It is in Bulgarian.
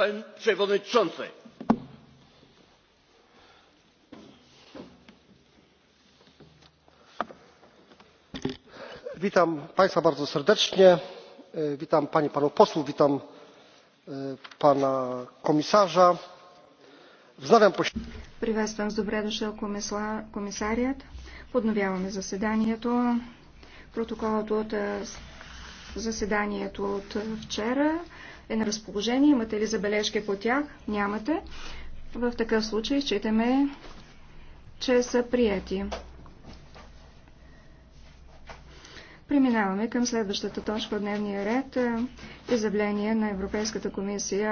panie przewodniczący! witam państwa bardzo serdecznie witam panie i panów posłów witam pana komisarza. wznawiam posiedzenie. подновяваме заседанието. Протоколът е на разположение. Имате ли забележки по тях? Нямате. В такъв случай считаме, че са прияти. Преминаваме към следващата точка от дневния ред. Е, изявление на Европейската комисия